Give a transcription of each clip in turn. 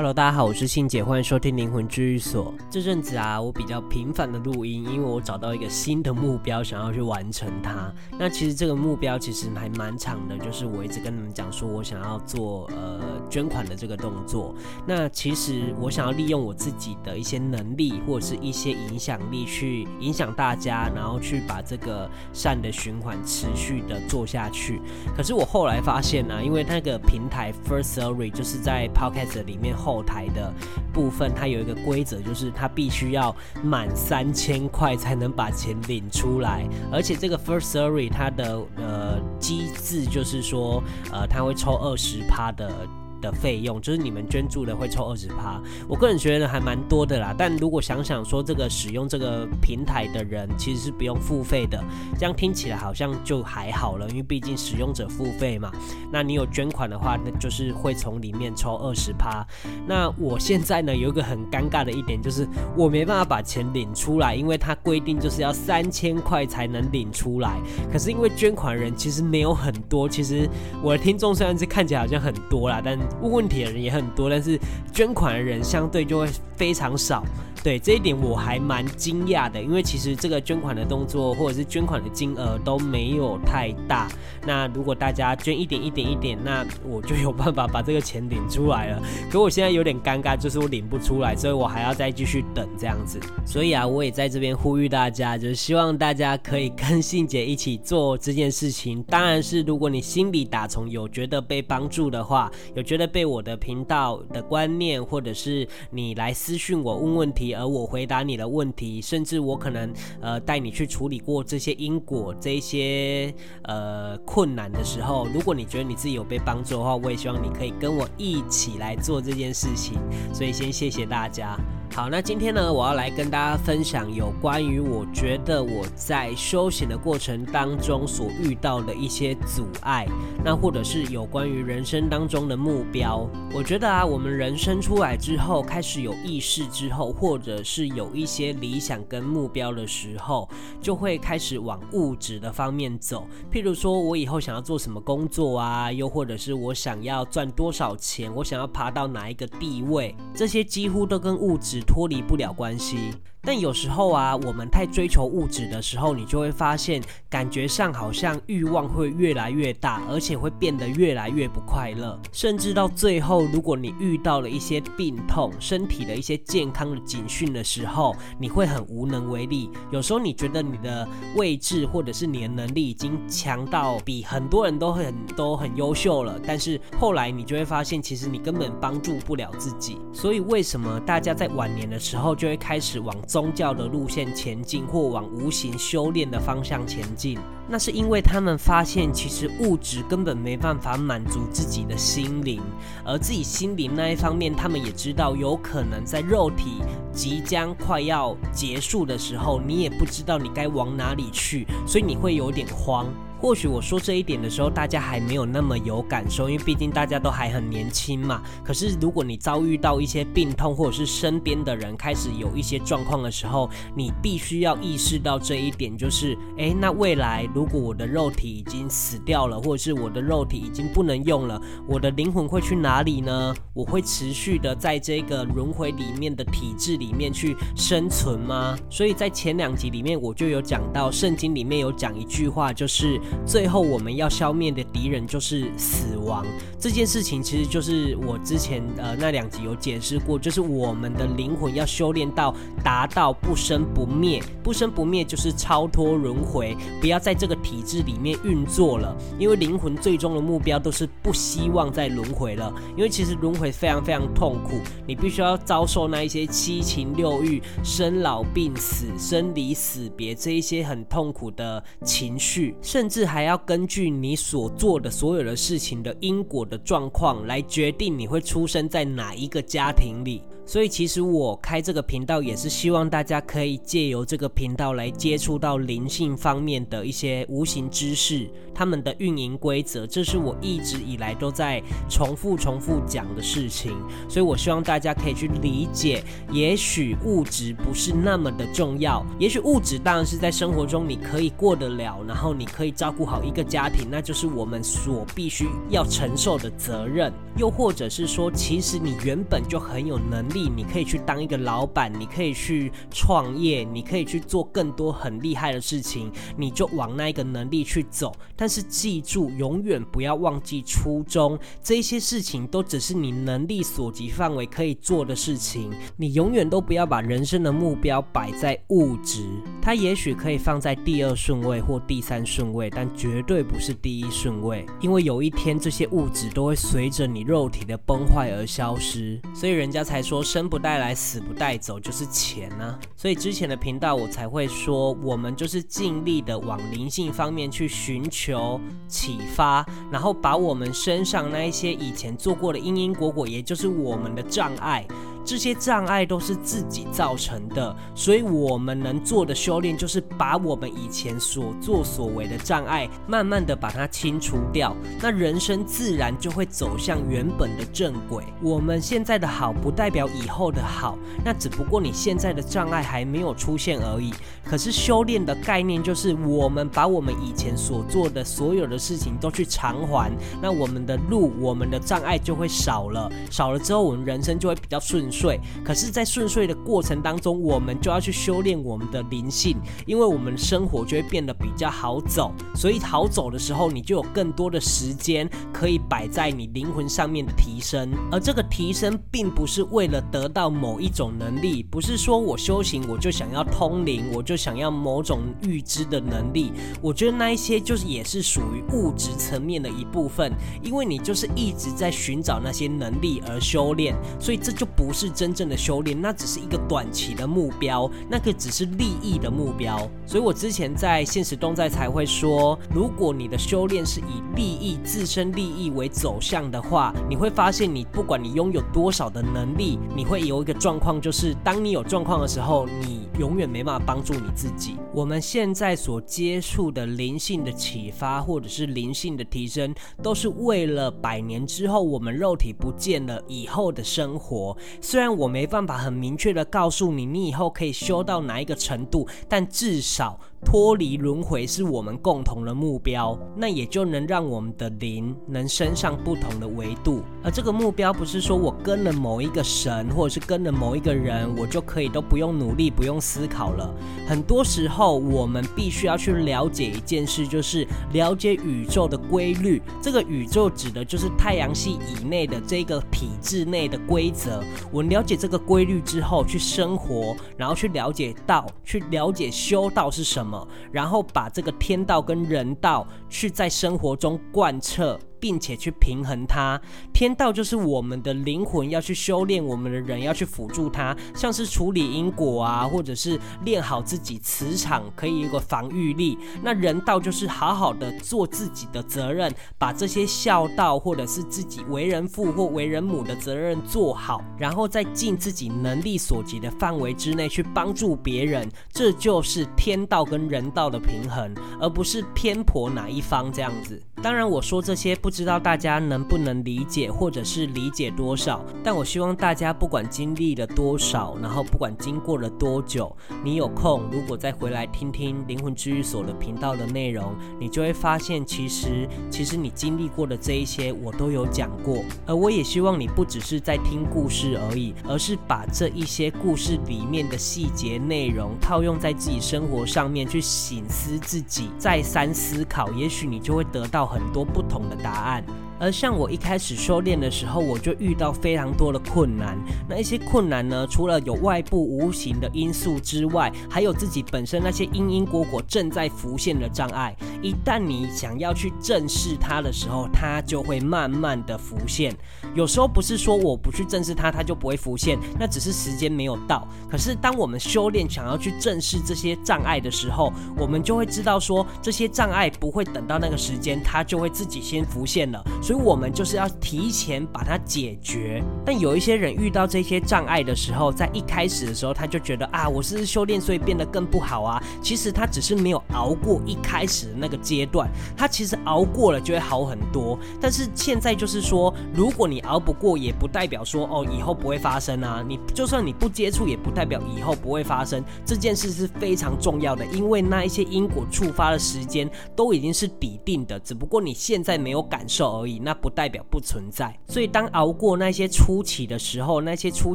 Hello，大家好，我是信姐，歡迎收聽靈魂治癒所。這陣子啊，我比較頻繁的錄音，因為我找到一個新的目標，想要去完成它。那其實這個目標其實還蠻長的，就是我一直跟你們講，說我想要做呃捐款的這個動作。那其實我想要利用我自己的一些能力或者是一些影響力去影響大家，然後去把這個善的循環持續的做下去。可是我後來發現呢、啊，因為那個平台 Firstory 就是在 Podcast 裡面後。後台的部分，它有一個規則，就是它必須要滿三千塊才能把錢領出來，而且這個 Firstory 它的呃機制就是說，呃，它會抽二十趴的的費用，就是你們捐助的會抽二十趴，我個人覺得還蠻多的啦。但如果想想說這個使用這個平台的人其實是不用付費的，這樣聽起來好像就還好了，因為畢竟使用者付費嘛。那你有捐款的話，那就是會從裡面抽二十趴。那我現在呢，有一個很尷尬的一點，就是我沒辦法把錢領出來，因為它規定就是要三千塊才能領出來。可是因為捐款人其實沒有很多，其實我的聽眾雖然是看起來好像很多啦，但問問題的人也很多，但是捐款的人相對就會非常少。對，這一點我還蠻驚訝的，因為其實這個捐款的動作或者是捐款的金額都沒有太大。那如果大家捐一點一點一點，那我就有辦法把這個錢領出來了。可我現在有點尷尬，就是我領不出來，所以我還要再繼續等這樣子。所以啊，我也在這邊呼籲大家，就是希望大家可以跟信姐一起做這件事情。當然是如果你心裡打從有覺得被幫助的話，有覺得被我的頻道的觀念，或者是你來私訊我問問題。而我回答你的問題，甚至我可能呃帶你去處理過這些因果、這些呃困難的時候，如果你覺得你自己有被幫助的話，我也希望你可以跟我一起來做這件事情。所以先謝謝大家。好，那今天呢，我要來跟大家分享有關於我覺得我在修行的過程當中所遇到的一些阻礙，那或者是有關於人生當中的目標。我覺得啊，我們人生出來之後，開始有意識之後，或或者是有一些理想跟目標的時候，就會開始往物質的方面走。譬如說，我以後想要做什麼工作啊，又或者是我想要賺多少錢，我想要爬到哪一個地位，這些幾乎都跟物質脫離不了關係。但有時候啊，我們太追求物質的時候，你就會發現，感覺上好像欲望會越來越大，而且會變得越來越不快樂。甚至到最後，如果你遇到了一些病痛、身體的一些健康的警訊的時候，你會很無能為力。有時候你覺得你的位置或者是你的能力已經強到比很多人都很都很優秀了，但是後來你就會發現，其實你根本幫助不了自己。所以為什麼大家在晚年的時候就會開始往宗教的路線前進，或往無形修煉的方向前進。那是因為他們發現，其實物質根本沒辦法滿足自己的心靈，而自己心靈那一方面，他們也知道有可能在肉體即將快要結束的時候，你也不知道你該往哪裡去，所以你會有點慌。或許我說這一點的時候，大家還沒有那麼有感受，因為畢竟大家都還很年輕嘛。可是如果你遭遇到一些病痛，或者是身邊的人開始有一些狀況的時候，你必須要意識到這一點，就是誒，那未來。如果我的肉體已經死掉了，或者是我的肉體已經不能用了，我的靈魂會去哪裡呢？我會持續的在這個輪迴裡面的體制裡面去生存嗎？所以在前兩集裡面我就有講到，聖經裡面有講一句話，就是最後我們要消滅的敵人就是死亡這件事情，其實就是我之前呃那兩集有解釋過，就是我們的靈魂要修煉到達到不生不滅，不生不滅就是超脫輪迴，不要在這個。的體制裡面運作了，因為靈魂最終的目標都是不希望再輪回了，因為其實輪回非常非常痛苦，你必須要遭受那一些七情六欲、生老病死、生離死別這一些很痛苦的情緒，甚至還要根據你所做的所有的事情的因果的狀況來決定你會出生在哪一個家庭裡。所以，其實我開這個頻道也是希望大家可以借由這個頻道來接觸到靈性方面的一些無形知識，他們的運營規則，這是我一直以來都在重複、重複講的事情。所以，我希望大家可以去理解，也許物質不是那麼的重要，也許物質當然是在生活中你可以過得了，然後你可以照顧好一個家庭，那就是我們所必須要承受的責任。又或者是說，其實你原本就很有能力。你可以去當一個老闆，你可以去創業，你可以去做更多很厲害的事情，你就往那一個能力去走。但是記住，永遠不要忘記初衷。這些事情都只是你能力所及範圍可以做的事情。你永遠都不要把人生的目標擺在物質，它也許可以放在第二順位或第三順位，但絕對不是第一順位。因為有一天，這些物質都會隨着你肉體的崩壞而消失。所以人家才說，生不帶來，死不帶走，就是錢呢、啊。所以之前的頻道我才會說，我們就是盡力的往靈性方面去尋求啟發，然後把我們身上那一些以前做過的因因果果，也就是我們的障礙。這些障礙都是自己造成的，所以我們能做的修煉就是把我們以前所作所為的障礙，慢慢的把它清除掉，那人生自然就會走向原本的正軌。我們現在的好不代表以後的好，那只不過你現在的障礙還沒有出現而已。可是修煉的概念就是我們把我們以前所做的所有的事情都去償還，那我們的路，我們的障礙就會少了，少了之後，我們人生就會比較順遂，可是，在順遂的過程當中，我們就要去修煉我們的靈性，因為我們生活就會變得比較好走。所以，好走的時候，你就有更多的時間可以擺在你靈魂上面的提升。而這個提升，並不是為了得到某一種能力，不是說我修行我就想要通靈，我就想要某種預知的能力。我覺得那一些就是也是屬於物質層面的一部分，因為你就是一直在尋找那些能力而修煉，所以這就不是。是真正的修煉，那只是一個短期的目標，那個只是利益的目標。所以我之前在限時動態才會說，如果你的修煉是以利益自身利益為走向的話，你會發現，你不管你擁有多少的能力，你會有一個狀況，就是當你有狀況的時候，你。永遠沒辦法幫助你自己。我們現在所接觸的靈性的啟發，或者是靈性的提升，都是為了百年之後我們肉體不見了以後的生活。雖然我沒辦法很明確的告訴你，你以後可以修到哪一個程度，但至少。脫離輪迴是我們共同的目標，那也就能讓我們的靈能升上不同的維度。而這個目標不是說我跟了某一個神，或者是跟了某一個人，我就可以都不用努力、不用思考了。很多時候，我們必須要去了解一件事，就是了解宇宙的規律。這個宇宙指的就是太陽系以內的這個體制內的規則。我了解這個規律之後，去生活，然後去了解道，去了解修道是什麼。然後把這個天道跟人道去在生活中貫徹。並且去平衡它。天道就是我們的靈魂要去修煉，我們的人要去輔助他，像是處理因果啊，或者是練好自己磁場，可以有個防禦力。那人道就是好好的做自己的責任，把這些孝道或者是自己為人父或為人母的責任做好，然後再盡自己能力所及的範圍之內去幫助別人。這就是天道跟人道的平衡，而不是偏頗哪一方這樣子。當然，我說這些不知道大家能不能理解，或者是理解多少。但我希望大家不管經歷了多少，然後不管經過了多久，你有空如果再回來聽聽聽靈魂治癒所的頻道的內容，你就會發現，其實其實你經歷過的這一些我都有講過。而我也希望你不只是在聽故事而已，而是把這一些故事裡面的細節內容套用在自己生活上面去省思自己，再三思考，也許你就會得到。很多不同的答案。而像我一開始修煉的時候，我就遇到非常多的困難。那一些困難呢，除了有外部無形的因素之外，還有自己本身那些因因果果正在浮現的障礙。一旦你想要去正視它的時候，它就會慢慢的浮現。有時候不是說我不去正視它，它就不會浮現，那只是時間沒有到。可是當我們修煉想要去正視這些障礙的時候，我們就會知道說，這些障礙不會等到那個時間，它就會自己先浮現了。所以我們就是要提前把它解決。但有一些人遇到這些障礙的時候，在一開始的時候，他就覺得啊，我是不是修煉，所以變得更不好啊。其實他只是沒有熬過一開始的那個階段，他其實熬過了就會好很多。但是現在就是說，如果你熬不過，也不代表說哦，以後不會發生啊。你就算你不接觸，也不代表以後不會發生。這件事是非常重要的，因為那一些因果觸發的時間都已經是抵定的，只不過你現在沒有感受而已。那不代表不存在，所以當熬過那些初期的時候，那些初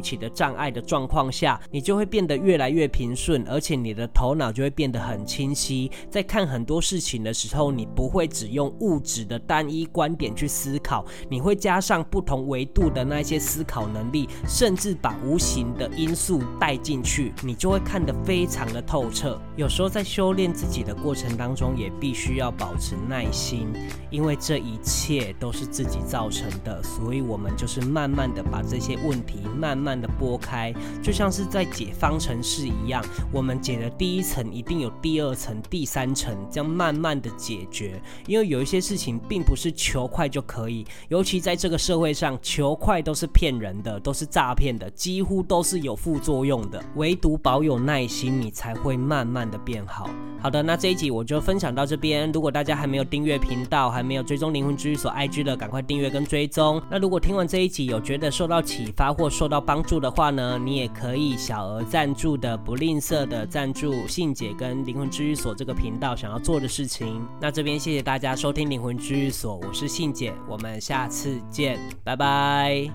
期的障礙的狀況下，你就會變得越來越平順，而且你的頭腦就會變得很清晰。在看很多事情的時候，你不會只用物質的單一觀點去思考，你會加上不同維度的那些思考能力，甚至把無形的因素帶進去，你就會看得非常的透徹。有時候在修煉自己的過程當中，也必須要保持耐心，因為這一切都是。是自己造成的，所以我們就是慢慢的把這些問題慢慢的撥開，就像是在解方程式一樣。我們解的第一層一定有第二層、第三層，這樣慢慢的解決。因為有一些事情並不是求快就可以，尤其在這個社會上，求快都是騙人的，都是詐騙的，幾乎都是有副作用的。唯獨保有耐心，你才會慢慢的變好。好的，那這一集我就分享到這邊。如果大家還沒有訂閱頻道，還沒有追蹤靈魂治癒所 IG。趕快訂閱跟追蹤。那如果聽完這一集有覺得受到啟發或受到幫助的話呢，你也可以小額贊助的，不吝嗇的贊助信姐跟靈魂治癒所這個頻道想要做的事情。那這邊謝謝大家收聽靈魂治癒所，我是信姐，我們下次見，拜拜。